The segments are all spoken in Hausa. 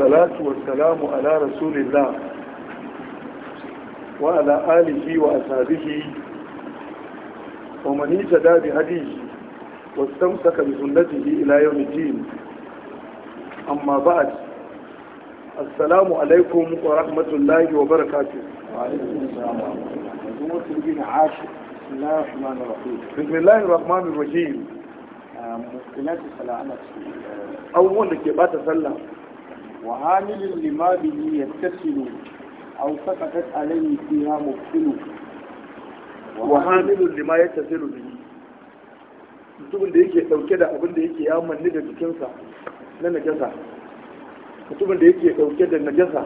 والصلاة والسلام على رسول الله وعلى آله وأصحابه ومن اهتدى بهديه واستمسك بسنته إلى يوم الدين أما بعد السلام عليكم ورحمة الله وبركاته وعليكم السلام ورحمة الله عاشر بسم الله الرحمن الرحيم بسم الله الرحمن الرحيم ممكنات الصلاة أول لك يبقى تسلم wa hamilin lima bihi yattasilu aw saqatat alayhi fiha mubtilu wa hamilun lima yattasilu bihi mutumin da yake dauke da abin da yake ya manni da jikinsa na najasa mutumin da yake dauke da najasa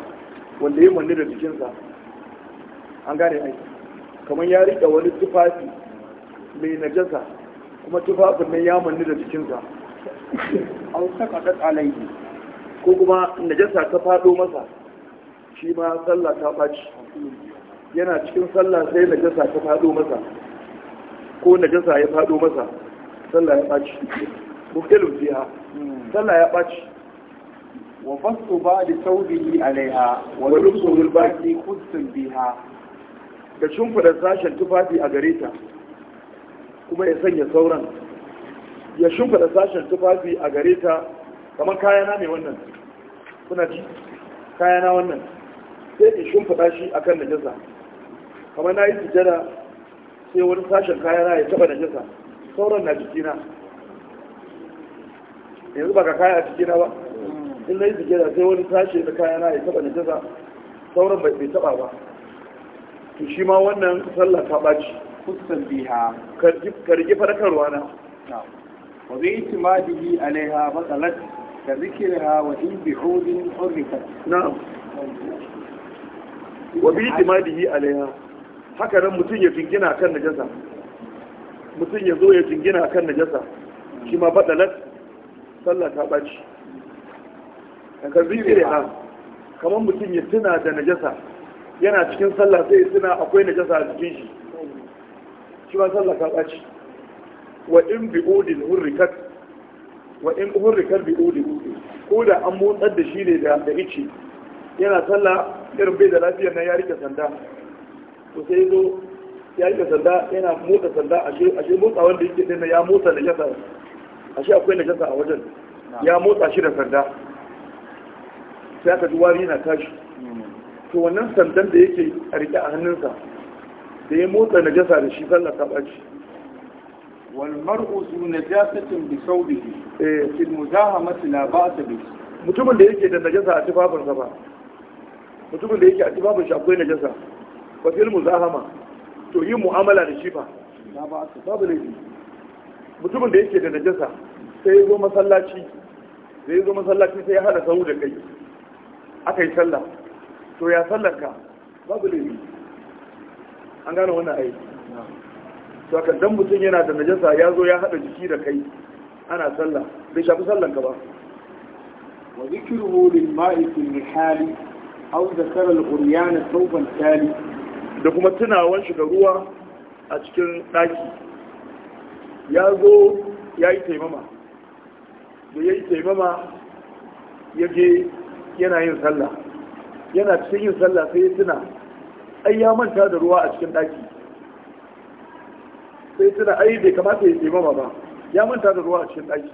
wanda ya manni da jikinsa an gane ai kamar ya rika wani tufafi mai najasa kuma tufafin mai ya manni da jikinsa an saka da alaihi ko kuma najasa ta faɗo masa shi ma sallah ta ɓaci yana cikin sallah sai najasa ta faɗo masa ko najasa ya faɗo masa sallah ya ɓaci muftilun fiha sallah ya ɓaci wa fasu ba da saudihi alaiha wa lubsul baki bi biha da shimfiɗa sashen tufafi a gare ta kuma ya sanya sauran ya shimfiɗa sashen tufafi a gare ta kamar kayana ne wannan kuna ci kayana wannan sai in shimfiɗa shi a kan najasa kamar na yi sujada sai wani sashen kayana ya taɓa najasa sauran na jikina yanzu zuba ka kaya a jikina ba in na yi tijjara sai wani sashe na kayana ya taɓa najasa sauran bai taɓa ba to shi ma wannan sallah ta ɓaci kusan biha kargi farakarwa na wa zai yi alaiha matsalar كذكرها وإن بحود حرفت نعم وبإعتماده عليها haka mutum ya كان kan najasa mutum ya zo ya كما kan najasa shi ma ka zire ha kamar mutum ya tuna da najasa yana cikin sallah sai ya tuna akwai najasa a cikin shi shi ba sallah ta ɓaci wa in bi hurrikat wa in hurrikar bi udi ko da an motsar da shi ne da ice yana sallah irin bai da lafiyar na ya rike sanda to sai zo ya rike sanda yana motsa sanda ashe ashe motsa wanda yake din ya motsa da jasa ashe akwai jasa a wajen ya motsa shi da sanda sai aka ji wari na tashi mm-hmm. to wannan sandan da yake a rike a hannunsa da ya motsa najasa da shi sallar ta ɓaci والمرء ذو نجاسة بثوبه في المزاحمة لا بأس به mutumin da yake da najasa a sa ba mutumin da yake a tufafin shi akwai najasa ba fil muzahama to yin mu'amala da shi ba babu laifi mutumin da yake da najasa sai ya zo masallaci sai ya zo masallaci sai ya hada sahu da kai aka yi sallah to ya sallar ka babu laifi an gane wannan aiki to kan dan mutum yana da najasa ya zo ya hada jiki da kai ana sallah bai shafi sallan ka ba wa zikruhu lil ma'i fil nihali aw zakara al uryana sawban tali da kuma tunawan shi da ruwa a cikin daki ya zo ya yi taimama da ya yi taimama ya je yana yin sallah yana cikin yin sallah sai ya tuna ai ya manta da ruwa a cikin daki sai tuna ai bai kamata ya taimama ba ya manta da ruwa a cikin ɗaki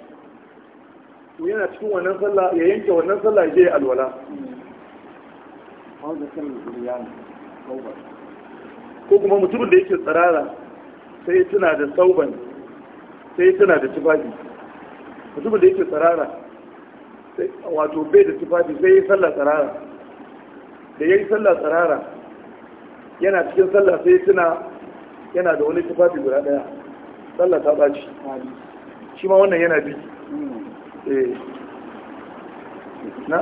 to yana cikin wannan sallah ya yanke wannan sallah ya je ya alwala ko kuma mutumin da yake tsirara sai ya tuna da sauban sai ya tuna da tufafi mutumin da yake tsirara wato bai da tufafi sai ya sallah tsirara da ya yi sallah tsirara yana cikin sallah sai ya tuna yana da wani tufafi guda daya sallah ta baci shi ma wannan yana bi بسم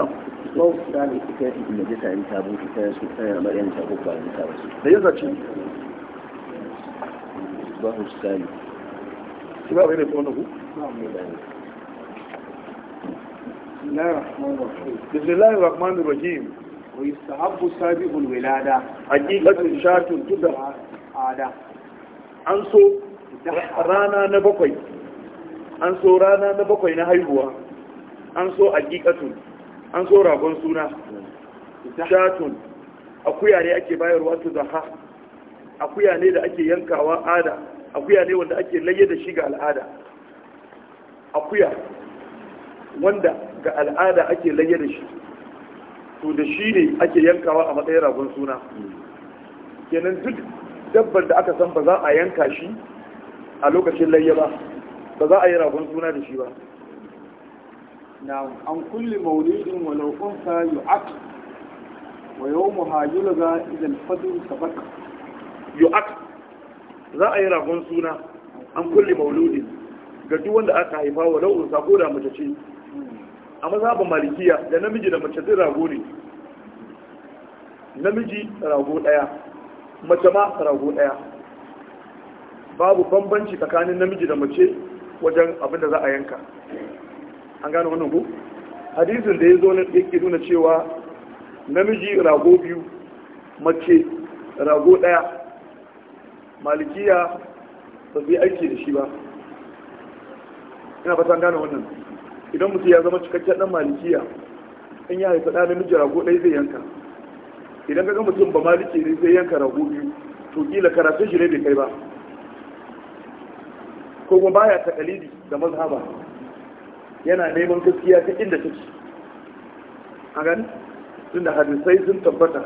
الله الرحمن الرحيم ويستحب سابق الولادة حقيقة شاة تدعى عادة an so rana na bakwai an so rana na bakwai na haihuwa an so aqiqatun an so ragon suna shatun akuya ne ake bayarwa to zaha akuya ne da ake yankawa ada akuya ne wanda ake laye da shi ga al'ada akuya wanda ga al'ada ake laye da shi to da shi ne ake yankawa a matsayin ragon suna kenan duk dabbar da aka san ba za a yanka shi a lokacin layya ba ba za a yi ragon suna da shi ba na an kulle maulidin walau yi yu'aq wa za a idan fadl yi yu'aq za a yi ragon suna an kulle mauludin ga duk wanda aka haifa walau unsa ko da mace ce a ba malikiya da namiji da mace zai rago ne namiji rago daya mace ma rago ɗaya babu bambanci tsakanin namiji da mace wajen abin da za a yanka an gane wannan ku hadisin da ya zo na yake nuna cewa namiji rago biyu mace rago ɗaya malikiya ba su yi aiki da shi ba ina fata gane wannan idan mutum ya zama cikakken dan malikiya in ya haifa ɗa namiji rago ɗaya zai yanka idan ka ga mutum ba maliki ne zai yanka rago biyu to kila karatun shi ne bai kai ba ko kuma baya takalidi da mazhaba yana neman gaskiya ta inda take a gani da hadisai sun tabbata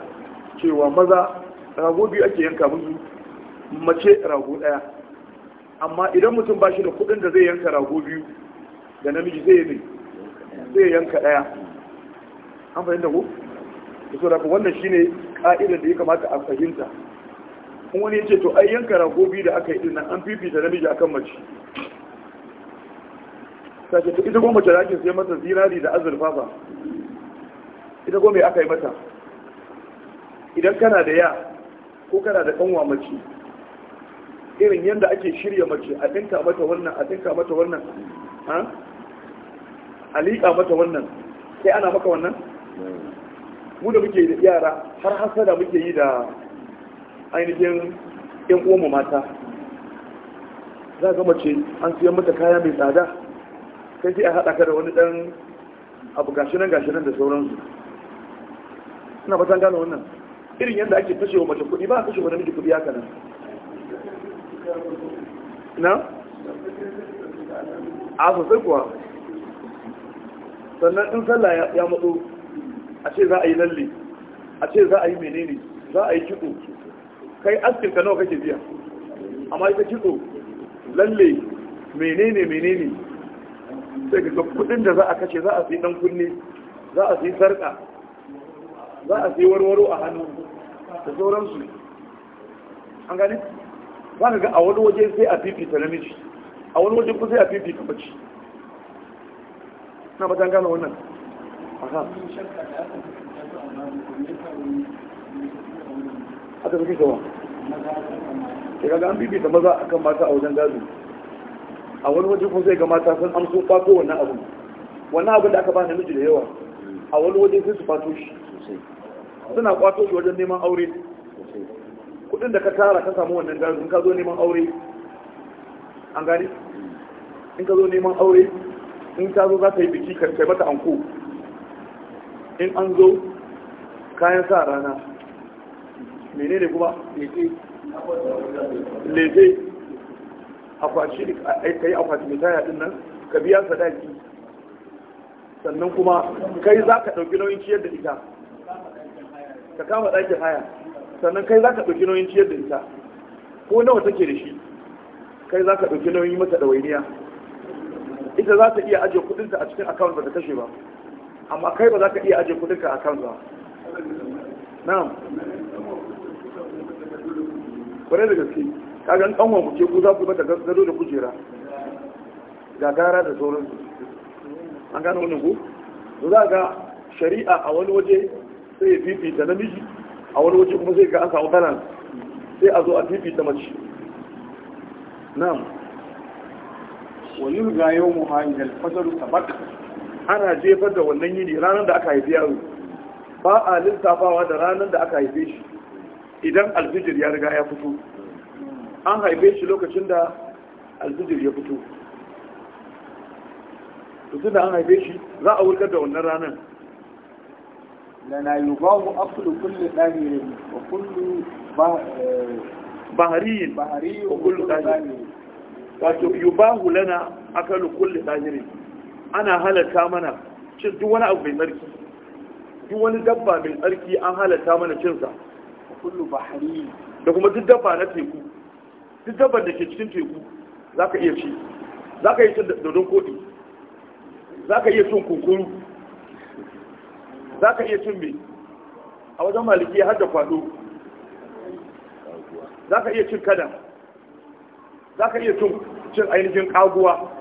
cewa maza rago biyu ake yanka musu mace rago daya amma idan mutum ba shi da kudin da zai yanka rago biyu da namiji zai yi zai yanka daya an fahimta ko da so wannan shine ka'idar da ya kamata a fahimta kun wani ya ce to ai yanka ragobi da aka yi din nan an fifita namiji akan mace ta ce ta ita goma ta da sai mata zinari da azurfa ba ita goma ya aka yi mata idan kana da ya ko kana da kanwa mace irin yadda ake shirya mace a ɗinka mata wannan a ɗinka mata wannan a liƙa mata wannan sai ana maka wannan mm. mu da muke da yara har hasada muke yi da ainihin yan uwanmu mata za ga mace an siyan mata kaya mai tsada sai sai a haɗa ka da wani ɗan abu gashinan gashinan da sauransu suna fatan gano wannan irin yadda ake fashe wa mace kuɗi ba a fashe wa namiji kuɗi haka nan na? a sosai kuwa sannan in sallah ya matso a ce za a yi lalle a ce za a yi menene za a yi kiɗo kai askin ka nawa kake biya amma ita kiɗo lalle menene menene sai ga kuɗin da za a kashe za a sai ɗan kunne za a sai sarƙa, za a sai warwaro a hannu da sauransu an gane za ka ga a wani waje sai a fifita namiji a wani waje ku sai a fifita mace na ba ta gane wannan haka suke kawo daga ga an bibita maza akan mata a wajen gado a wani waje kuma sai ga mata sun amso fato wannan abu wannan abu da aka ba miji da yawa a wani waje sai su fato shi suna kwato shi wajen neman aure kudin da ka tara ka samu wannan gado in ka zo neman aure an gani mm. in ka zo neman aure in ta zo za ta yi biki ka kai mata anko in an zo kayan sa rana menene kuma leze akwashi ka yi akwati mai taya din nan ka biya sadaki sannan kuma kai za ka ɗauki nauyin ciyar da ita ka kama ɗakin haya sannan kai za ka ɗauki nauyin ciyar da ita ko nawa take da shi kai za ka ɗauki nauyin mata ɗawainiya ita za ta iya ajiye kudinta a cikin akawun ba ta kashe ba amma kai ba za ka iya ajiye kudinka a kan ba na'am kwarai da gaske kaga an kanwa kuke ku za ku bata gado da kujera gagara da sauransu an gano wani ku to za ga shari'a a wani waje sai ya fifita namiji a wani waje kuma sai ga an samu balance sai a zo a fifita mace na'am wa yurga mu hanyar fajr sabaq ana jefar da wannan yini ranar da aka haifi yaro ba a lissafawa da ranar da aka haife shi idan alfijir ya riga ya fito an haife shi lokacin da alfijir ya fito tutun da an haife shi za a wurgar da wannan ranar lana yi ba mu afulu kulle ɗamirin wa kullu eh, bahariyin wa kullu ɗamirin wato yi ba lana akalu kulle ɗamirin ana halarta mana cin duk wani abu mai tsarki duk wani dabba mai tsarki an halarta mana cinsa kullu bahari da kuma duk dabba na teku duk dabba da ke cikin teku za ka iya ci za ka iya cin dodon koɗi za ka iya cin kunkuru za ka iya cin mai a wajen maliki har da kwado za ka iya cin kada za ka iya cin ainihin kaguwa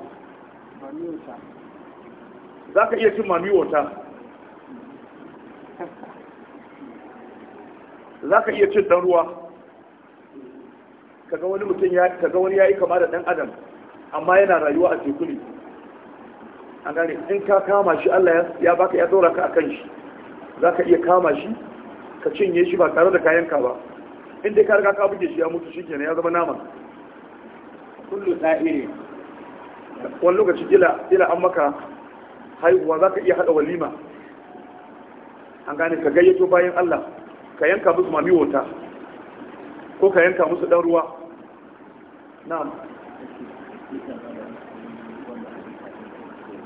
za ka iya cin mami wata za ka iya cin ɗan ruwa kaga wani mutum ya kaga wani ya yi kama da ɗan adam amma yana rayuwa a teku ne a gane in ka kama shi Allah ya baka ya ɗora ka akan shi za ka iya kama shi ka cinye shi ba tare da kayan ka ba in dai ka riga ka buge shi ya mutu shi kenan ya zama nama kullu ta'iri wani lokaci kila an maka haihuwa za ka iya haɗa walima an gane ka gayyato bayan Allah ka yanka musu mami wota ko ka yanka musu ɗan ruwa na'am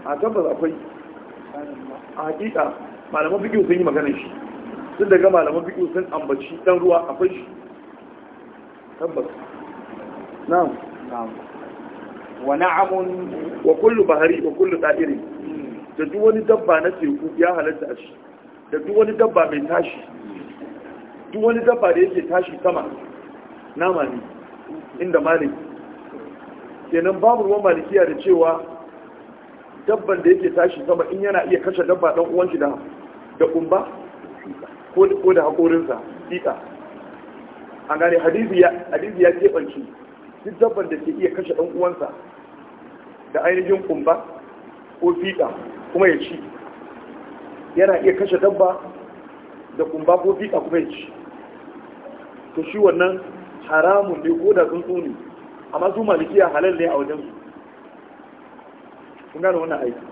a tabbas akwai a hakika malaman bigiyo sun yi magana shi sun daga malaman bigiyo sun ambaci ɗan ruwa akwai shi tabbas na'am na'am wa na'amun wa kullu bahari wa kullu ta'iri da duk wani dabba na teku ya halatta a shi da duk wani dabba mai tashi duk wani dabba da yake tashi sama nama ne inda malik kenan babu ruwan malikiya da cewa dabban da yake tashi sama in yana iya kashe dabba dan uwan shi da da kumba ko da haƙorinsa, fika an gane hadisi ya hadisi ya duk dabban da ke iya kashe dan uwansa da ainihin kumba ko fita kuma ya ci yana iya kashe dabba da kumba ko fiƙa kuma ya ci to shi wannan haramun ne ko da tsuntsu ne amma su malikiya halal ne a wajensu kun gane wannan aiki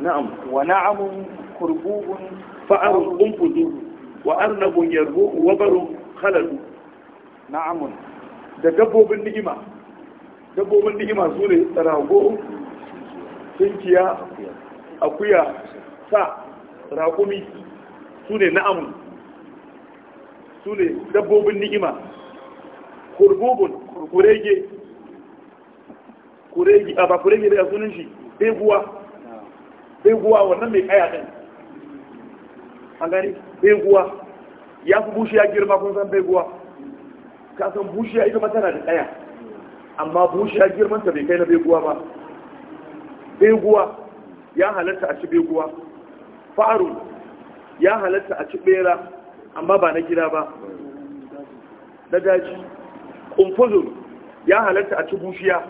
na'am wa na'amun kurbubun fa'arun kumfudu wa arnabun yarbu wa barun halalu na'amun da dabbobin ni'ima dabbobin ni'ima su ne rago tunkiya akuya sa rakumi su ne na'amu su ne dabbobin ni'ima kurbobin kurege kurege a ba kurege da sunan shi beguwa beguwa wannan mai kaya din an gani beguwa ya fi bushiya girma kun san beguwa ka san bushiya ita matana tana da kaya amma bushiya girman ta bai kai na beguwa ba beguwa ya halatta a ci beguwa faru ya halatta a ci bera amma ba na gida ba na daji kumfuzur ya halatta a ci bushiya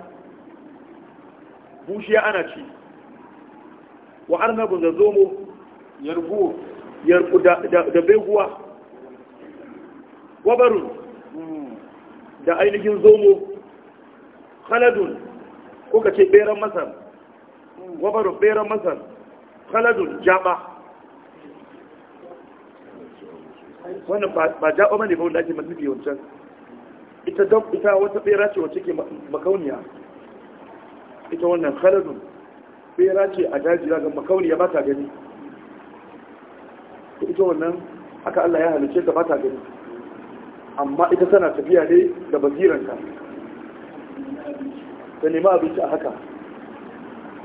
bushiya ana ci wa arnabu da zomo yarbu yarku da beguwa wabarun hmm. da ainihin zomo khaladun ko ka ce beran masar wabaru beran masar khaladun jaba wannan ba jaba bane ba wanda ake mazubi wancan ita don ita wata bera ce wacce ke makauniya ita wannan khaladun bera ce a daji daga makauniya ba ta gani ita wannan haka Allah ya halice ta ba ta gani amma ita tana tafiya ne da basiranta ta nemi abinci a haka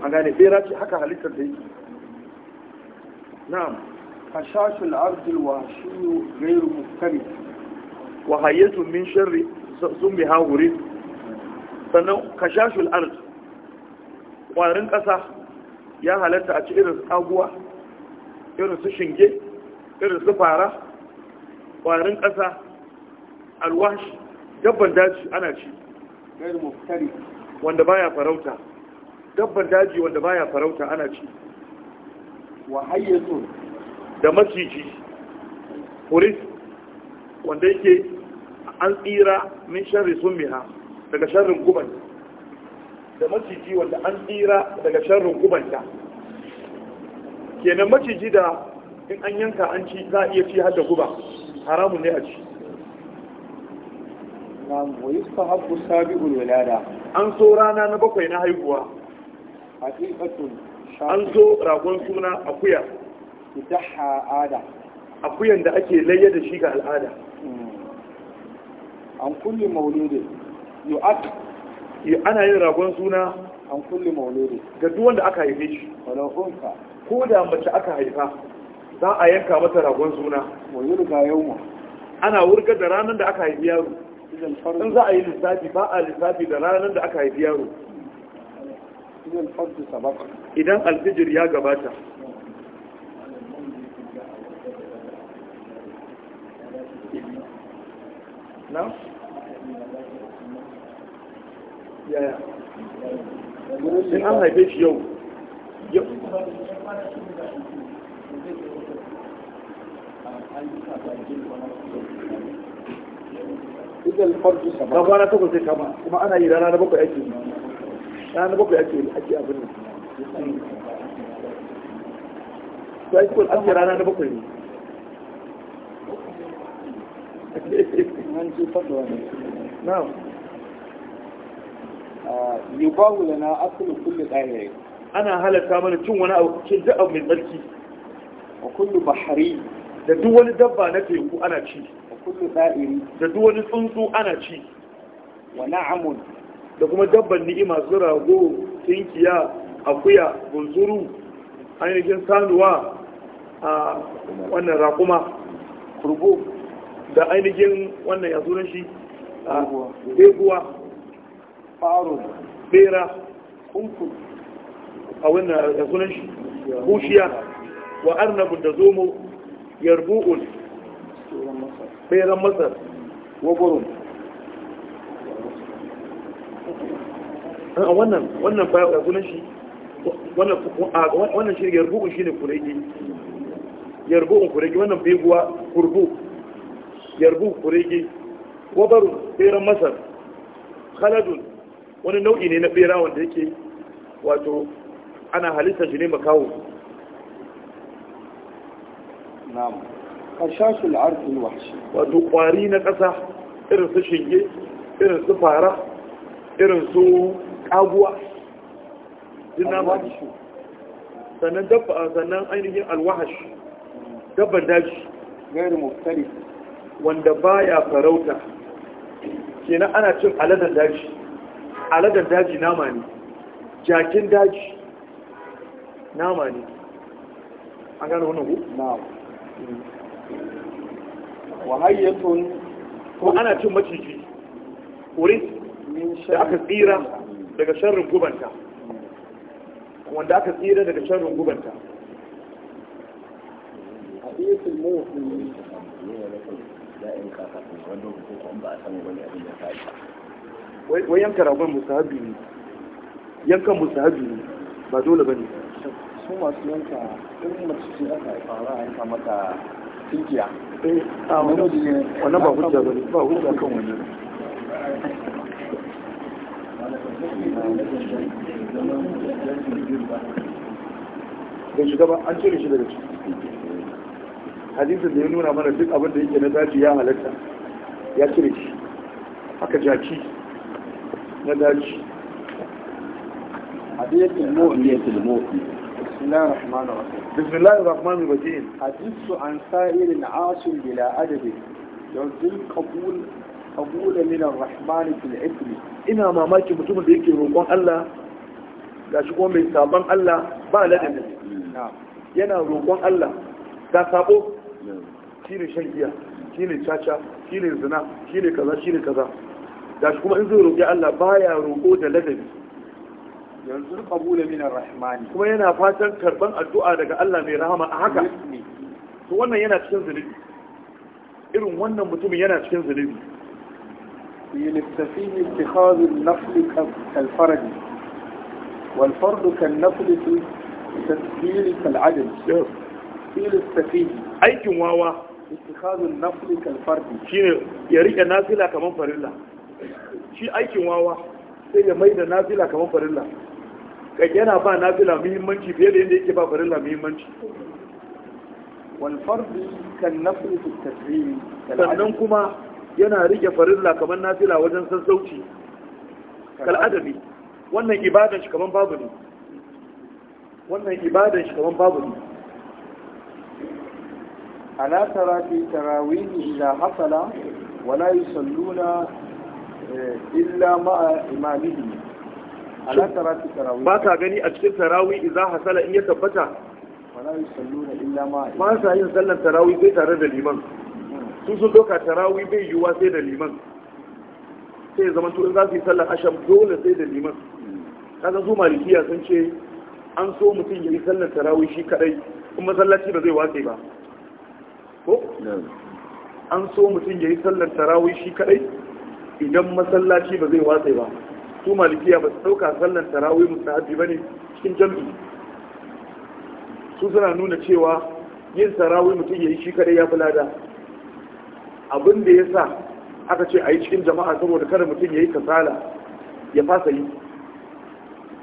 an gane bera ce haka halittar da yake na'am fashashul ardil wa shiyu gairu muftari wa hayyatu min sharri zumbi hawuri sannan kashashul ard kwarin kasa ya halatta a ci irin aguwa irin su shinge irin su fara kwarin kasa alwashi dabban daji ana ci gairu muftari wanda baya farauta dabban daji wanda baya farauta ana ci wa hayyatun da maciji furis, wanda yake an tsira min sharri sumiha daga sharrin guban da maciji wanda an tsira daga sharrin gubanta kenan maciji da in an yanka an ci za a iya ci har da guba haramun ne a ci na mu yi sahabu sabi'ul wilada an so rana na bakwai na haihuwa an zo ragon suna akuya akuyan da ake layya da shi ga al'ada hmm. an kulle yi ana yin ragon suna an kulle mauludin ga duwanda aka haife shi ko da mace aka haifa za a yanka mata ragon suna ana wurga da ranar da aka haifi yaro in za a yi lissafi ba a lissafi da ranar da aka haifi yaro idan alfijir ya gabata na? yaya in an haife shi yau yau farji kwana takwas sai kama kuma ana yi rana na bakwai ake ranar bakwai ake ake abin nan to ai kul asiya rana na bakwai ne yi na'am ah, yubahu lana aslu kulli dahir ana halatta mana cin wani abu cin duk abu mai tsarki wa kullu bahari da duk wani dabba na teku ana ci wa kullu da'iri da duk wani tsuntsu ana ci wa na'amun da kuma dabban ni'ima su rago tinkiya akuya bunzuru ainihin sanuwa a wannan rakuma kurgo da ainihin wannan yanzu zuran shi a beguwa faru bera kunku a wannan yanzu zuran shi bushiya wa arnabu da zomo yarbu'ul beran masar gurun wannan wannan baya shi wannan ne masar khaladun wani nau'i ne na bera wanda yake wato ana halittar shi ne makawo kashashul wato kwari na ƙasa irin su shinge irin su fara irin su kaguwa din na ba shi sannan dabba sannan ainihin alwahash dabban daji gairu muftari wanda baya farauta kenan ana cin aladan daji aladan daji nama ne jakin daji nama ne an gano wani hu? na'am wahayyatun ko ana cin maciji kuris da aka tsira daga sharrin gubanta wanda aka tsira daga sharrin gubanta A hadisul mu'min wai yanka ragon musahabi ne yankan musahabi ne ba dole ba ne su masu yanka irin mace ce aka fara a yanka mata tinkiya eh, wani ba hujja ba ne ba hujja kan wannan bai shiga ba an cire shi daga ciki hadisin da ya nuna mana duk abin da yake na daji ya halatta ya cire shi haka jaki na daji hadisin mu'miyatul mu'min بسم الله الرحمن الرحيم بسم Hadisu an الرحيم حديث عن سائر عاصم بلا أدب qabula min ar-rahman fil ismi ina mamaki mutumin da yake roƙon Allah gashi kuma mai saban Allah ba ladabi yana roƙon Allah ga sabo shine shan giya shine caca shine zina shine kaza shine kaza gashi kuma in zai roƙi Allah baya roƙo da ladabi yanzu qabula min ar-rahman kuma yana fatan karban addu'a daga Allah mai rahama a haka to wannan yana cikin zunubi irin wannan mutumin yana cikin zunubi بنكتفيه اتخاذ النفل كالفرد والفرد كالنفل في تسجيل كالعدل بنكتفيه اي جمواوة اتخاذ النفل كالفرد يريك نازلة كمان فرلا شي اي جمواوة يميد نازلة كمان فرلا كجانا با نازلة مهمانش بيال اندي كبا فرلا مهمانش والفرد كالنفل في التسجيل كالعدل yana rike farilla kamar nafila wajen sassauci kal'adami wannan ibadan shi kamar babu ne wannan ibadan shi kamar babu ne ala tara fi tarawihi ila hasala wala yusalluna eh, illa ma'a imamihi ala tara fi tarawihi ba ka gani a cikin tarawih idza hasala in ya tabbata wala yusalluna illa ma'a ba sa yin sallar tarawih sai tare da liman Sun sun doka tarawi bai yiwuwa sai da liman sai zaman turin za su yi sallar asham dole sai da liman kaga su malikiya sun ce an so mutum ya yi sallar tarawi shi kadai in masallaci ba zai watse ba ko an so mutum ya yi sallar tarawi shi kadai idan masallaci ba zai watse ba su malikiya ba su dauka sallar tarawi ba ne cikin jami'i su suna nuna cewa yin tarawi mutum ya yi shi kadai ya fi lada abin da ya sa aka ce a yi cikin jama'a saboda kada mutum ya yi kasala ya fasa yi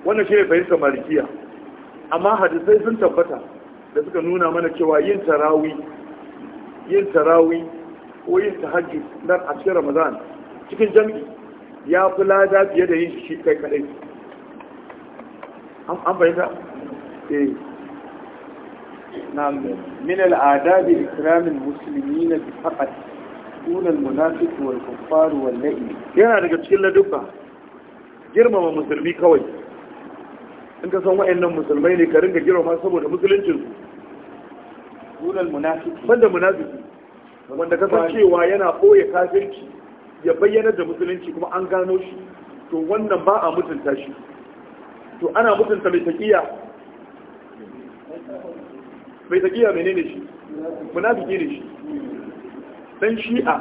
wannan shi ya fahimta malikiya amma hadisai sun tabbata da suka nuna mana cewa yin tarawi yin tarawi ko yin tahajji nan a cikin ramadan cikin jami'i ya fi lada fiye da yin shi kai kadai an fahimta eh na min al'ada bi ikramin na bi faqat kunal المنافق والكفار kuffar wal yana daga cikin ما girmama musulmi kawai in ka san wa'annan musulmai ne ka ringa girmama saboda musuluncin su kunal wanda ka san cewa yana boye kafirci ya bayyana da musulunci kuma an gano shi to wannan ba a mutunta shi to ana mutunta mai taqiya mai taqiya menene shi munafiki ne shi dan shi'a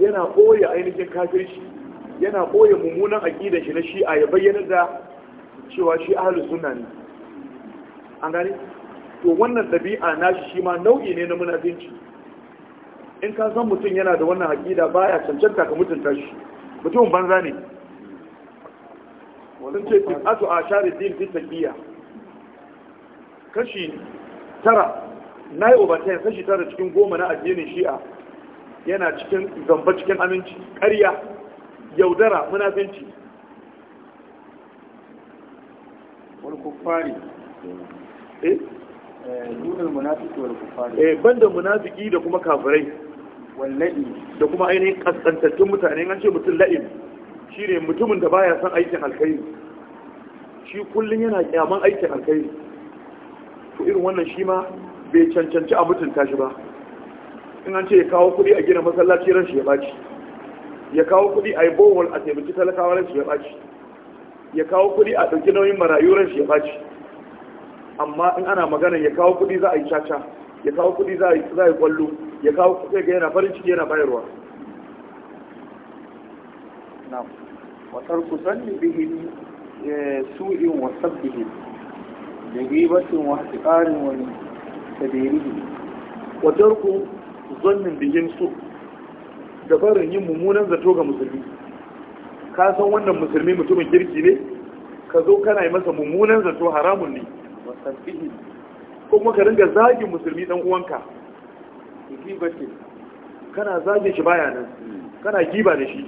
yana ɓoye ainihin kafirci yana ɓoye mummunan aƙidar shi na shi'a ya bayyana da cewa shi ahalus sunna ne an gani to wannan ɗabi'a na shi shi ma nau'i ne na munafinci in ka san mutum yana da wannan aƙida baya cancanta ka mutunta shi mutum banza ne sun ce tis'atu a share din fi kashi tara na yi obata ya sashi tara cikin goma na addinin shi'a yana cikin zamba cikin aminci ƙarya yaudara munafinci wani kufari eh, eh dunar munafiki wani kufari eh banda munafiki da kuma kafirai wallahi da kuma ainihin kaskantattun mutane an ce mutum la'in shi ne mutumin da baya son aikin alkhairi shi kullum yana kyaman aikin alkhairi to irin wannan shi ma bai cancanci a mutunta shi ba in an ce ya kawo kuɗi a gina masallaci ran shi ya baci ya kawo kuɗi a yi bohol a taimaki talakawa ran shi ya baci ya kawo kuɗi a ɗauki nauyin marayu ran shi ya baci amma in ana magana ya kawo kuɗi za a yi caca ya kawo kuɗi za a yi kwallo ya kawo kuɗi ga yana farin ciki yana bayarwa na'am wa tarku zanni eh, su'in wa sabbihi da ghibatin wa ƙarin wani. tadirihi wa tarku zannin bihim su da barin yin mummunan zato ga musulmi ka san wannan musulmi mutumin kirki ne ka zo kana yi masa mummunan zato haramun ne wasanfihi ko kuma ka ringa zagin musulmi dan uwanka gibatin kana zagin shi baya nan kana giba da shi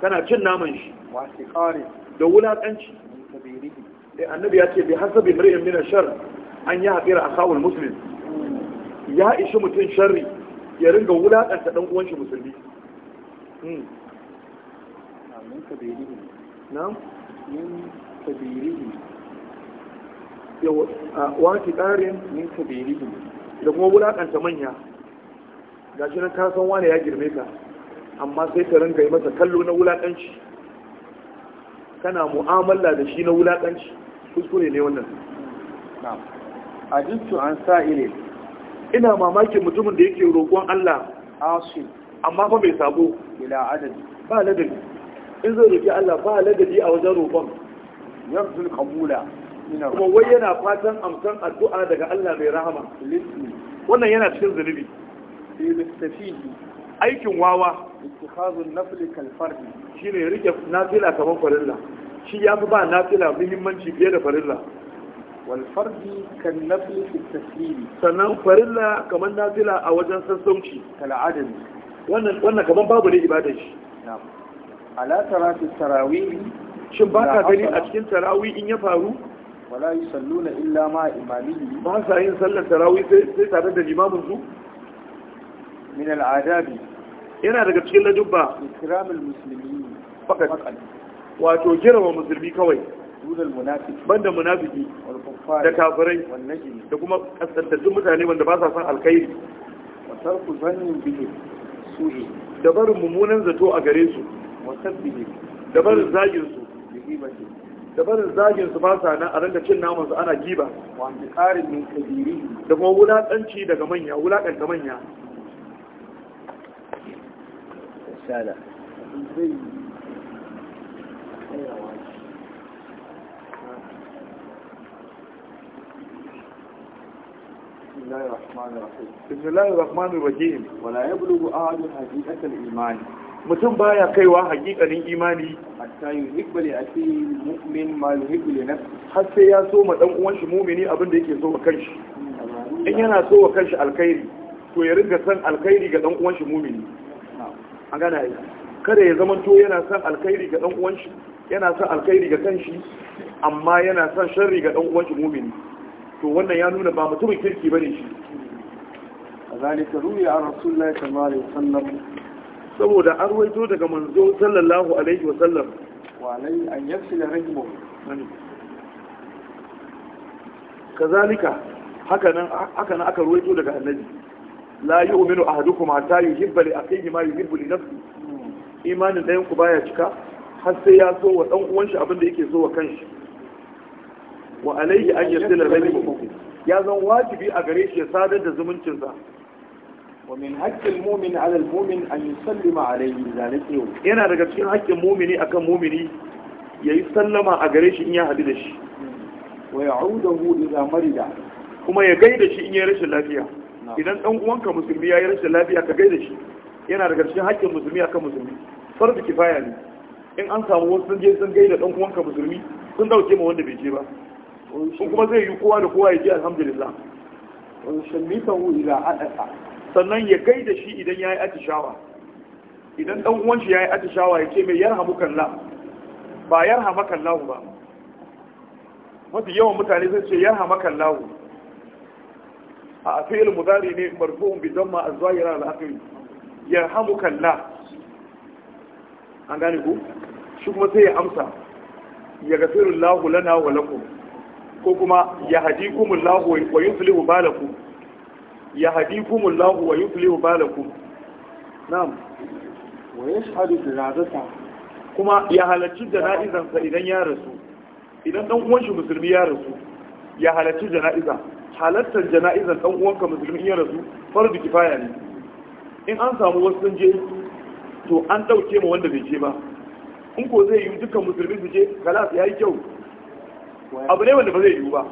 kana cin naman shi wasu kare da wulakanci annabi ya ce bi hasabi mar'in min shar an yi haƙira a kawul muslim ya ishi mutum sharri ya ringa wulaƙanta ɗan uwan shi musulmi hmm. wani ƙarin min kabirihim da kuma wulaƙanta manya ga shi nan ka san wani ya girme ka amma sai ka ringa yi masa kallo na wulaƙanci kana mu'amala da shi na wulaƙanci kuskure ne wannan a ajibtu an sa'ilin ina mamakin mutumin da yake roƙon Allah asu amma fa mai sabo ila adadi ba ladabi in zai roƙi Allah ba ladabi a wajen roƙon yanzu kabula kuma wai yana fatan amsan addu'a daga Allah mai rahama wannan yana cikin zunubi aikin wawa ittikhazun nafli kal fard shine rike nafila kamar farilla shi yafi ba nafila muhimmanci fiye da farilla والفرد كالنفل في التسليم سنن فرلا كمان نازلة أو جن سنسوشي كالعدم وانا وانا كمان بابو ليه بعد نعم ألا ترى في التراويح شن باكا غني أشكين تراويح إن يفارو ولا يصلون إلا مع إمامه ما ساين صلى التراويح سي تابع الإمام زو من العذاب yana daga cikin lajubba ikramul muslimin fakat wato girma musulmi kawai banda munafiki da kafirai da kuma kasantattun mutane wanda ba sa son alkhairi da barin mummunan zato a gare su da barin zagin su da barin zagin su ba sa na a ranga cin namansu ana giba da kuma wulakanci daga manya wulakanta manya الله الرحمن الرحيم بسم الله الرحمن الرحيم ولا يبلغ أحد حقيقة الإيمان mutum baya kaiwa hakikalin imani hatta mu'min ma har sai ya so ma dan uwan shi mu'mini abin da yake so wa kanshi in yana so wa kanshi alkhairi to ya ringa san alkhairi ga dan uwan shi mu'mini an ai kada ya zama to yana san alkhairi ga dan uwan shi yana san alkhairi ga kanshi amma yana san sharri ga dan uwan shi to wannan ya nuna ba mutumin kirki bane shi azalika ruwi a rasulullahi sallallahu alaihi wasallam saboda an ruwaito daga manzo sallallahu alaihi wasallam wa alai an yafsil rajmu kazalika haka nan haka nan aka ruwaito daga annabi la yu'minu ahadukum hatta yuhibba li akhihi ma yuhibbu li nafsihi hmm. imanin dayan ku baya cika har sai ya so wa dan uwan shi abin da yake so wa kanshi wa alaihi an yasila rabihi ya zan wajibi a gare shi ya sadar da zumuncinsa wa min haqqil mu'min alal mumin an yi yusallima alayhi zalika yau yana daga cikin haƙƙin mu'mini akan mu'mini ya yi sallama a gare shi in ya haɗu da shi wa ya'udahu idza marida kuma ya gaida shi in ya yi rashin lafiya idan ɗan uwanka musulmi ya yi rashin lafiya ka gaida shi yana daga cikin haƙƙin musulmi akan musulmi fardu kifaya ne in an samu wasu sun je sun gaida ɗan uwanka musulmi sun dauke ma wanda bai je ba kuma zai yi kowa da kowa ya ji alhamdulillah wani shammitahu ila haɗasa sannan ya da shi idan ya yi atishawa idan ɗan uwanci ya yi atishawa ya ce mai hamu kalla ba kalla hu ba mafi yawan mutane zai ce kalla hu a fi'il muzari ne marfu'un bi damma az-zahira al yar hamu kalla an gane ku shi kuma sai ya amsa ya gafiru lahu lana wa lakum ko kuma lahu wa yuflihu kuma lahu wa yuflihu balakum na'am wa yashhadu jinazata kuma ya halarci jana'izansa idan ya rasu idan dan uwanshi musulmi ya rasu ya halarci jana'iza halartar jana'izan dan uwanka musulmi ya rasu da kifaya ne in an samu wasu sun je to an dauke ma wanda bai je ba in ko zai yi dukkan musulmi su je kalas yi kyau abu ne wanda ba zai yiwu ba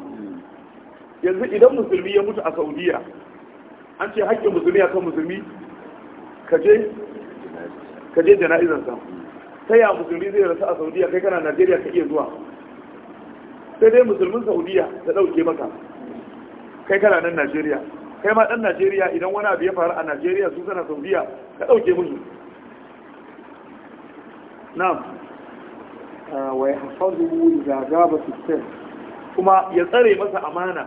yanzu idan musulmi ya mutu a saudiya an ce haƙƙin musulmi a kan musulmi ka je jana'izarsa ta yaya musulmi zai rasu a saudiya kai kana najeriya ka iya zuwa sai dai musulmin saudiya ta ɗauke maka kai kana nan najeriya kai ma ɗan najeriya idan wani abu ya faru a najeriya su sana saudiya ka ɗauke musu na'am wa ya hafazu da gaba sosai? kuma ya tsare masa amana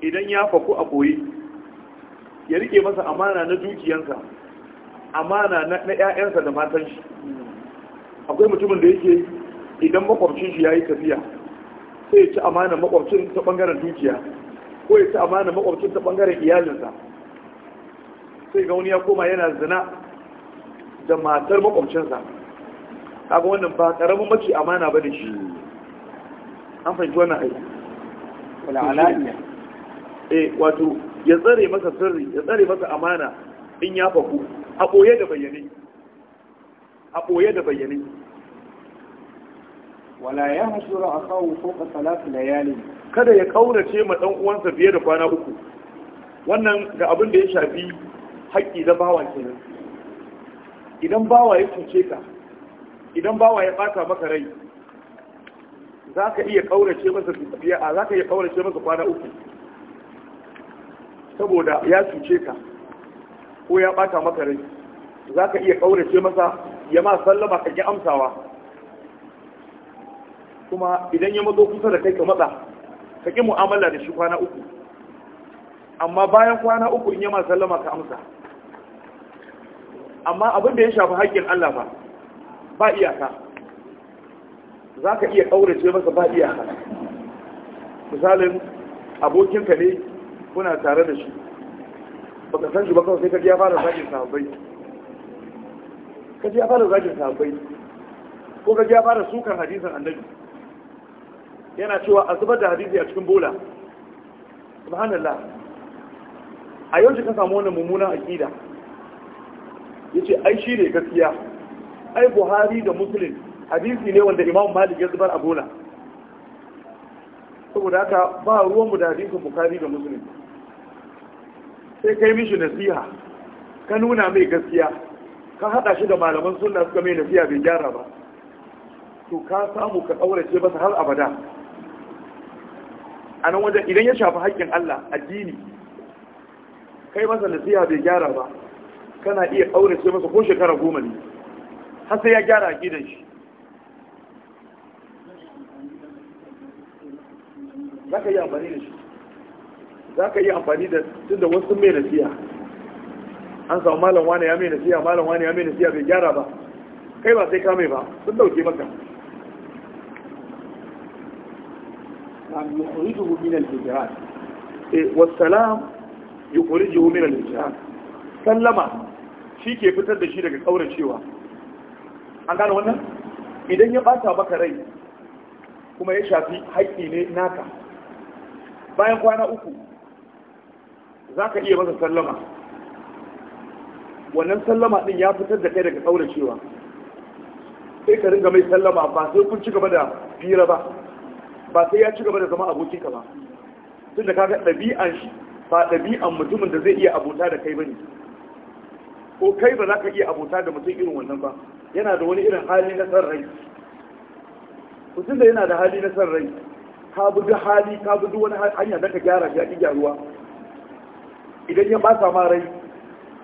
idan ya faku a koyi ya rike masa amana na dukiyansa amana na 'ya'yansa da matan shi akwai mutumin da yake idan makwabcin shi yi tafiya sai ya ci amana makwabcin ta bangaren dukiya ko ya ci amana makwabcin ta bangaren iyalinsa sai ga wani ya koma yana zina da matar makwabcinsa kaga wannan ba karamin maki amana ba da shi an fahimci wannan aiki wala alaniya eh wato ya tsare masa sirri ya tsare masa amana in ya faku a ɓoye da bayyane a ɓoye da bayyane wala ya hasura a kawo ko ka salatu layali kada ya kaurace ma ɗan uwansa fiye da kwana uku wannan ga abin da ya shafi haƙƙi da bawa kenan idan bawa ya cuce ka idan bawa ya ɓata maka rai za ka iya kaurace masa tafiya a za ka iya kaurace masa kwana uku saboda ya cuce ka ko ya ɓata maka rai za ka iya kaurace masa ya ma sallama ka ƙi amsawa kuma idan ya mazo kusa da kai ka matsa ka ƙi mu'amala da shi kwana uku amma bayan kwana uku in ya ma sallama ka amsa amma abin da ya shafi haƙƙin Allah ba ba iyaka za ka iya ƙaurace masa ba iyaka misalin abokinka ne kuna tare da shi baka san shi ba kawai sai ka ji ya fara zagin sahabbai ka ji ya fara zagin sahabbai ko ka ji ya fara sukan hadisin annabi yana cewa a zubar da hadisi a cikin bola subhanallah a yau ka samu wannan mummunan akida yace ai shi ne gaskiya ai buhari da muslim hadisi ne wanda imam malik ya zubar a bola saboda haka ba ruwanmu da hadisin bukari da muslim sai kai mishi nasiha ka nuna mai gaskiya ka haɗa shi da malaman sunna suka mai nasiha bai gyara ba to ka samu ka ƙaurace masa har abada a nan wajen idan ya shafi haƙƙin Allah addini kai masa nasiha bai gyara ba kana iya ƙaurace masa ko shekara goma ne har sai ya gyara gidan shi za ka yi amfani da shi za ka yi amfani da tun da wasu mai nasiya an samu malam wani ya mai nasiya malam wani ya mai nasiya bai gyara ba kai ba sai ka mai ba sun dauke maka wasalam yi min al minal eh wassalam yukhrijuhu sallama shi ke fitar da shi daga kauracewa an gano wannan idan ya bata maka rai kuma ya shafi haƙƙi ne naka bayan kwana uku za ka iya masa sallama wannan sallama ɗin ya fitar da kai daga cewa. sai ka ringa mai sallama ba sai kun ci gaba da fira ba ba sai ya ci gaba da zama abokinka ba tun da ga ɗabi'an shi ba ɗabi'an mutumin da zai iya abota da kai ba ne ko kai ba za ka iya abota da mutum irin wannan ba yana da wani irin hali na san rai mutum da yana da hali na san rai ka bugu hali ka bugu wani hanya da ka gyara ya a ƙi gyaruwa idan ya ɓata ma rai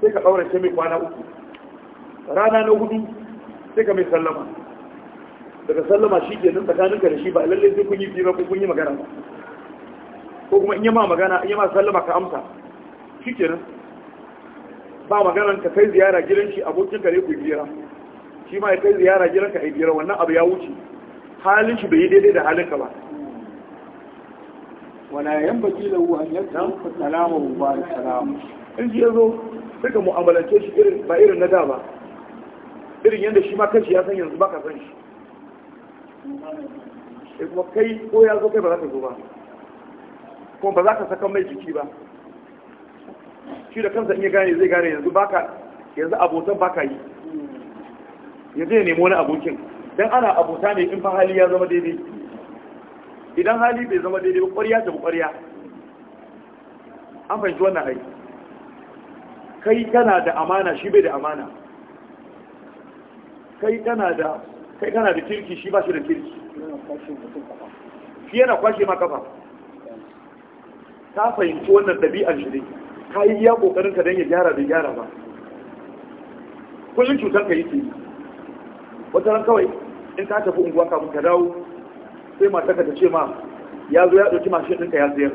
sai ka ɗaurace mai kwana uku rana na hudu sai ka mai sallama daga sallama shi ke nan tsakaninka da shi ba lallai sai kun yi fira ko kun yi magana ko kuma in yi ma magana in yi ma sallama ka amsa shi ke nan ba magana ka kai ziyara gidan shi abokin ka ne ku yi fira shi ma ya kai ziyara gidanka a biyar wannan abu ya wuce halin shi bai yi daidai da halinka ba Wana yan baki da wu an yadda salama wa ba salama in ji yazo suka mu'amalance shi irin ba irin na da ba irin yadda shi ma kanshi ya san yanzu baka san shi sai eh, kuma kai ko ya zo kai ba za ka zo ba kuma ba za ka saka mai jiki ba shi da kansa in ya gane zai gane yanzu baka yanzu abotan baka yi ya je nemo wani abokin dan ana abota ne in fa hali ya zama daidai idan hali bai zama daidai ƙwarya da ƙwarya an fahimci wannan aiki kai kana da amana shi bai da amana kai kana da kai kana da kirki shi ba shi da kirki shi yana kwashe ma kafa Ta fahimci wannan ɗabi'ar shi ne ka yi iya ƙoƙarin ka don ya gyara da gyara ba kullum cutar ka yi ke yi wata ran kawai in ka tafi unguwa kafin ka dawo sai mata ka ta ce ma ya zo ya dauki mashin ɗinka ya sayar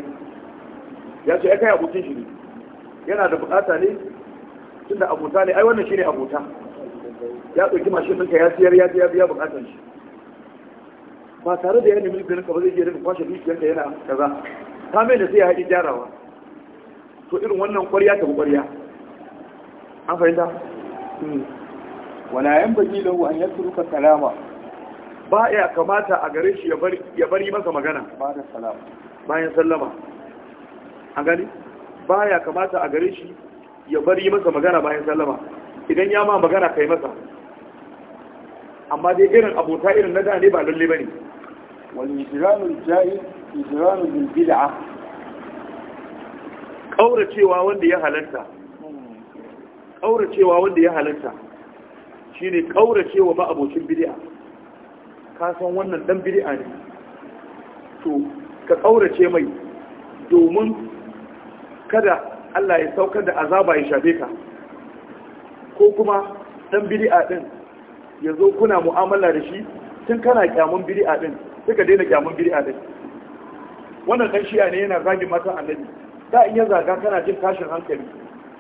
ya ce ya kai abokin shi ne yana da bukata ne tun da abota ne ai wannan shi ne abota ya dauki mashin ɗinka ya sayar ya biya ya bukatar shi ba tare da ya mulkin ka ba zai je daga kwashe dukiyarka yana kaza ta mai da sai ya haɗi gyarawa to irin wannan ƙwarya ta ƙwarya an fahimta hmm. wala yan baki lahu an yatruka salama ba ya kamata a gare shi ya bari masa magana bayan salama sallama a gani ba ya kamata a gare shi ya bari masa magana bayan sallama idan ya ma magana kai masa amma dai irin abota irin na da ba lalle ba ne. Wani ja'i ijranul bil bid'ah kauracewa wanda ya halarta hmm. kauracewa wanda ya halarta shine kaurace wa ma'abocin bidiya ka san wannan dan bidiya ne to ka kaurace mai domin kada Allah ya saukar da azaba ya shafe ka ko kuma dan bidiya din zo kuna mu'amala da shi tun kana kyamun bidiya din suka daina kyamun bidiya din wannan dan shi ne yana zagin mata annabi da in ya zaga kana jin tashin hankali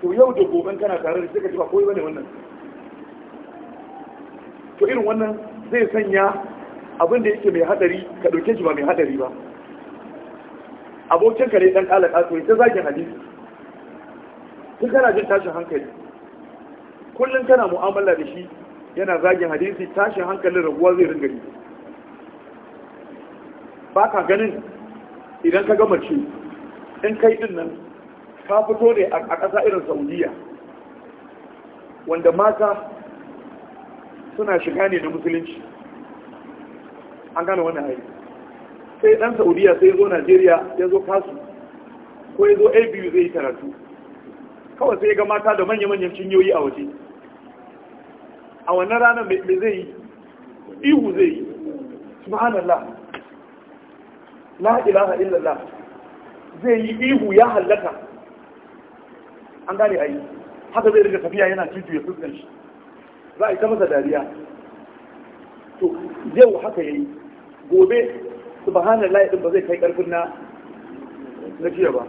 to yau da goben kana tare da suka ji ba koyi bane wannan to irin wannan zai sanya abin da yake mai hadari ka dauke shi ba mai hadari ba abokin ka ne dan kala kaso ita zagin hadisi tun kana jin tashin hankali kullun kana mu'amala da shi yana zagin hadisi tashin hankalin rabuwa zai ringa yi ba ganin idan ka ga mace in kai din nan ka fito ne a ƙasa irin saudiya wanda mata suna shiga ne da musulunci an gane wani hari sai dan saudiya sai zo najeriya ya zo kasu ko ya zo abu zai yi karatu kawai sai ga mata da manya-manyan cinyoyi a waje a wannan rana mai zai yi ihu zai yi subhanallah la ilaha illallah zai yi ihu ya hallaka an gane a yi haka zai rika tafiya yana cikin ya fuskanci. shi za a yi ta masa dariya to yau haka yayi gobe subhanallahi din ba zai kai karfin na na jiya ba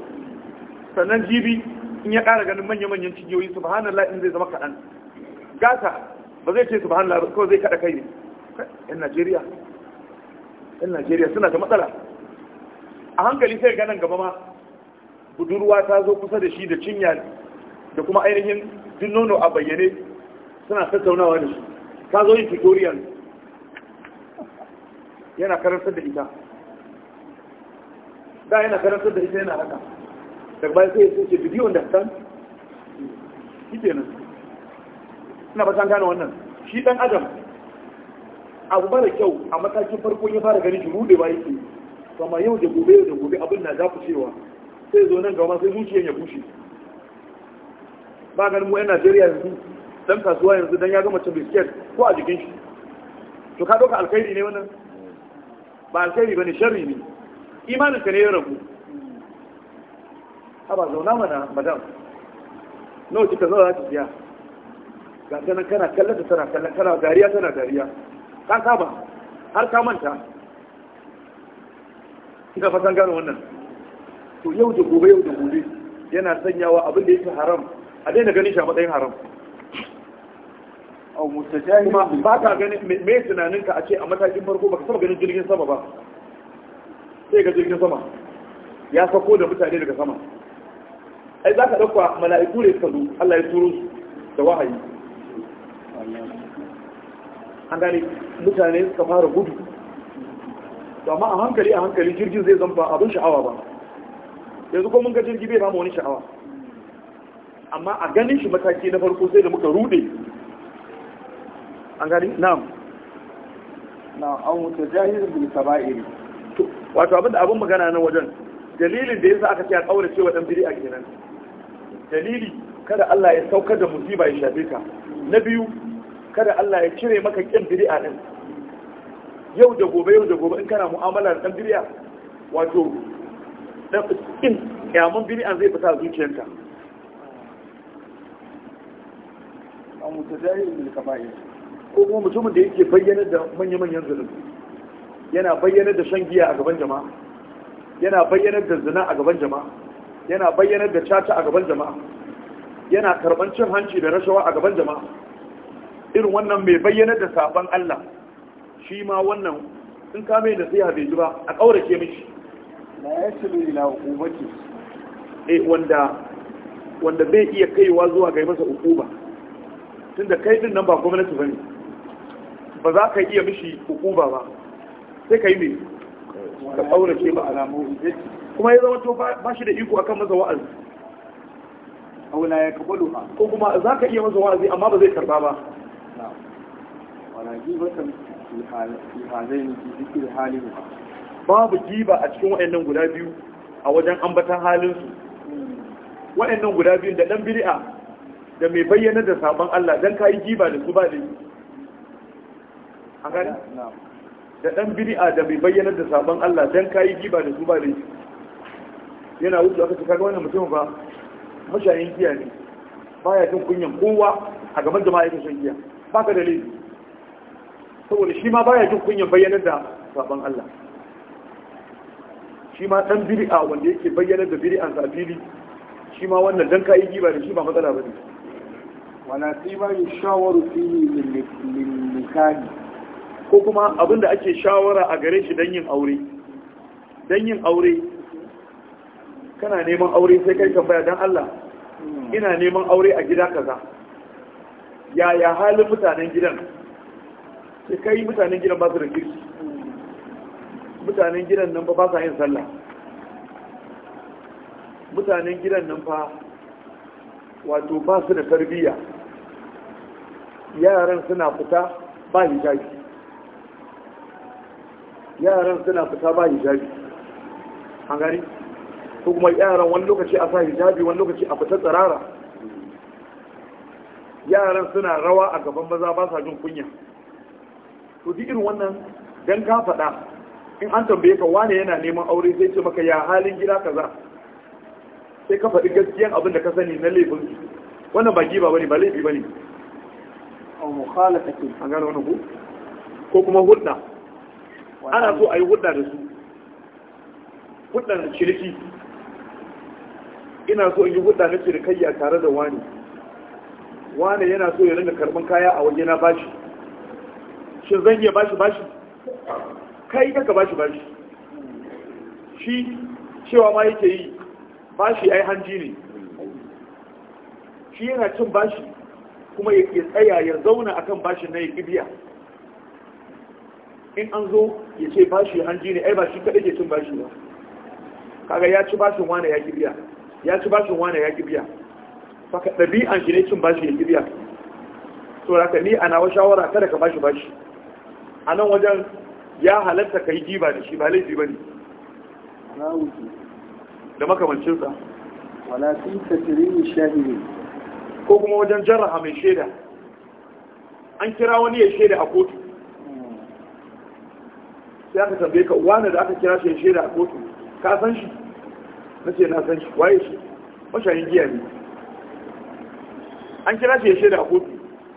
sannan jibi in ya ƙara ganin manya-manyan cijiyoyi subhanallahi din zai zama kaɗan Gasa, ba zai ce subhanallahi ba kawai zai kaɗa kai ne yan najeriya yan najeriya suna da matsala a hankali sai ganin gaba ma budurwa ta zo kusa da shi da cinya da kuma ainihin duk nono a bayyane suna tattaunawa da shi Ka zo yin tutorial yana karantar da ita da yana karantar da ita yana haka da bayan sai ya ce bidiyon da kan shi ke nan suna ba san gane wannan shi dan adam abu da kyau a matakin farko ya fara gani rude ba yake amma yau da gobe yau da gobe abin na zafi cewa sai zo nan gaba sai zuciyar ya bushe ba ganin mu yan najeriya yanzu dan kasuwa yanzu dan ya ga mace biskit ko a jikin shi to ka doka alkhairi ne wannan ba alkhairi bane sharri ne imanin ka ne ya rabu haba zauna mana madam nawa kika zauna ki biya ga kana kana kallon tana kallon kana dariya tana dariya ka saba har ka manta kika fatan gano wannan to yau da gobe yau da gobe yana sanyawa abin da yake haram a daina ganin shi a matsayin haram kuma ba ka ganin mai tunanin ka a ce a matakin farko baka saba ganin jirgin sama ba sai ga jirgin sama ya sako da mutane daga sama ai za ka dauka mala'iku ne suka Allah ya turo su da wahayi an gane mutane suka fara gudu to amma a hankali a hankali jirgin zai zamba abin sha'awa ba yanzu ko mun ga jirgi bai ba wani sha'awa amma a ganin shi mataki na farko sai da muka rude an gari na'am Na an wuce jahilin bil kaba'iri wato abin da abin magana nan wajen dalilin da yasa aka ce a kaurace cewa dan biri a kenan dalili kada Allah ya saukar da musiba ya shafe ka na biyu kada Allah ya cire maka kin bid'a din yau da gobe yau da gobe in kana mu'amala da dan bid'a wato dan kin kyamun bid'a zai fita zuciyarka an mutajahil bil kaba'ir ko kuma mutumin da yake bayyana da manya-manyan zunubi yana bayyana da shan giya a gaban jama'a yana bayyana da zina a gaban jama'a yana bayyana da caca a gaban jama'a yana karban cin hanci da rashawa a gaban jama'a irin wannan mai bayyana da sabon Allah shi ma wannan in ka mai nasiha bai ji ba a kaurace mishi la yasilu ila hukumati eh wanda wanda bai iya kaiwa zuwa ga masa hukuma tunda kai din nan ba gwamnati bane ba za ka iya mishi hukuma ba sai ka yi mai ka ce ba alamu kuma ya zama to ba shi da iko akan masa wa'azi aula ya kabalu ko kuma za ka iya masa wa'azi amma ba zai karba ba babu jiba a cikin wa'annan guda biyu a wajen ambatan halinsu wa'annan guda biyu da ɗan biri'a da mai bayyana da sabon Allah don ka yi jiba da su ba da yi a da ɗan bid'a da bai bayyana da sabon Allah dan kai giba da su ba da yana wuce aka cika wannan mutum ba mashayin giya ne baya jin kunyan kowa a gaban jama'a yake son giya baka laifi. saboda shi ma baya jin kunyan bayyana da sabon Allah shi ma ɗan bid'a wanda yake bayyana da bid'an sa fili shi ma wannan dan kai giba da shi ba matsala bane wala sima yushawaru fihi lil nikahi ko kuma abin da ake shawara a gare shi don yin aure don yin aure kana neman aure sai kai tambaya don Allah ina neman aure a gida kaza yaya halin mutanen gidan sai kai mutanen gidan ba su da kirki mutanen gidan nan ba sa yin sallah mutanen gidan nan fa wato ba su da tarbiyya yaran suna fita ba hijabi yaran suna fita ba hijabi an gani ko kuma yaran wani lokaci a sa hijabi wani lokaci a fita tsirara yaran suna rawa a gaban maza ba sa jin kunya to duk irin wannan dan ka faɗa in an tambaye ka wane yana neman aure sai ce maka ya halin gida kaza sai ka faɗi gaskiyan abin da ka sani na laifin wannan ba giba bane ba laifi bane a mukhalafati an gano wannan ko ko kuma hulɗa ana so a yi hudda da su da ciriki ina so in yi hudda na a tare da wani wani yana so ya ringa karbin kaya a waje na bashi shin zan iya bashi bashi kai kaka bashi bashi shi cewa ma yake yi bashi ai hanji ne shi yana cin bashi kuma ya tsaya ya zauna akan bashin na ya kibiya in an zo ya ce bashi hanji ne ai ba shi kaɗai ke cin bashi ba kaga ya ci bashin wane ya kibiya ya ci bashin wane ya kibiya saka an shi ne cin bashi ya kibiya to ka ni ana wa shawara kada ka bashi bashi a nan wajen ya halatta ka yi jiba da shi ba laifi ba ne da makamancinsa wala fi tasirin shahiri ko kuma wajen jarraha mai shaida an kira wani ya shaida a kotu sai aka tambaye ka wani da aka kira shi shi da kotu ka san shi na ce na san shi waye shi mashayin giya ne an kira shi shi da kotu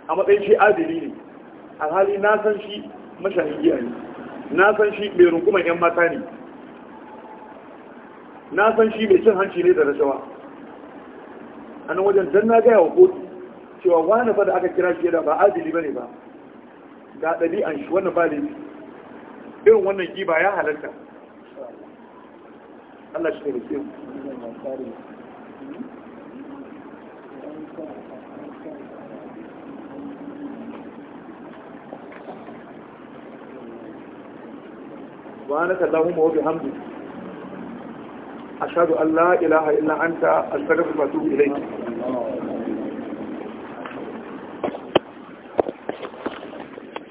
a matsayin shi adili ne alhali na san shi mashayin giya ne na san shi mai rukuman yan mata ne na san shi mai cin hanci ne da rashawa a nan wajen don na gaya wa kotu cewa wani fa da aka kira shi da ba adili ba ne ba ga ɗabi'an shi wannan ba laifi irin wannan giba ya halarta Allah shi ne سبحانك اللهم وبحمدك أشهد أن لا إله إلا أنت أستغفرك وأتوب إليك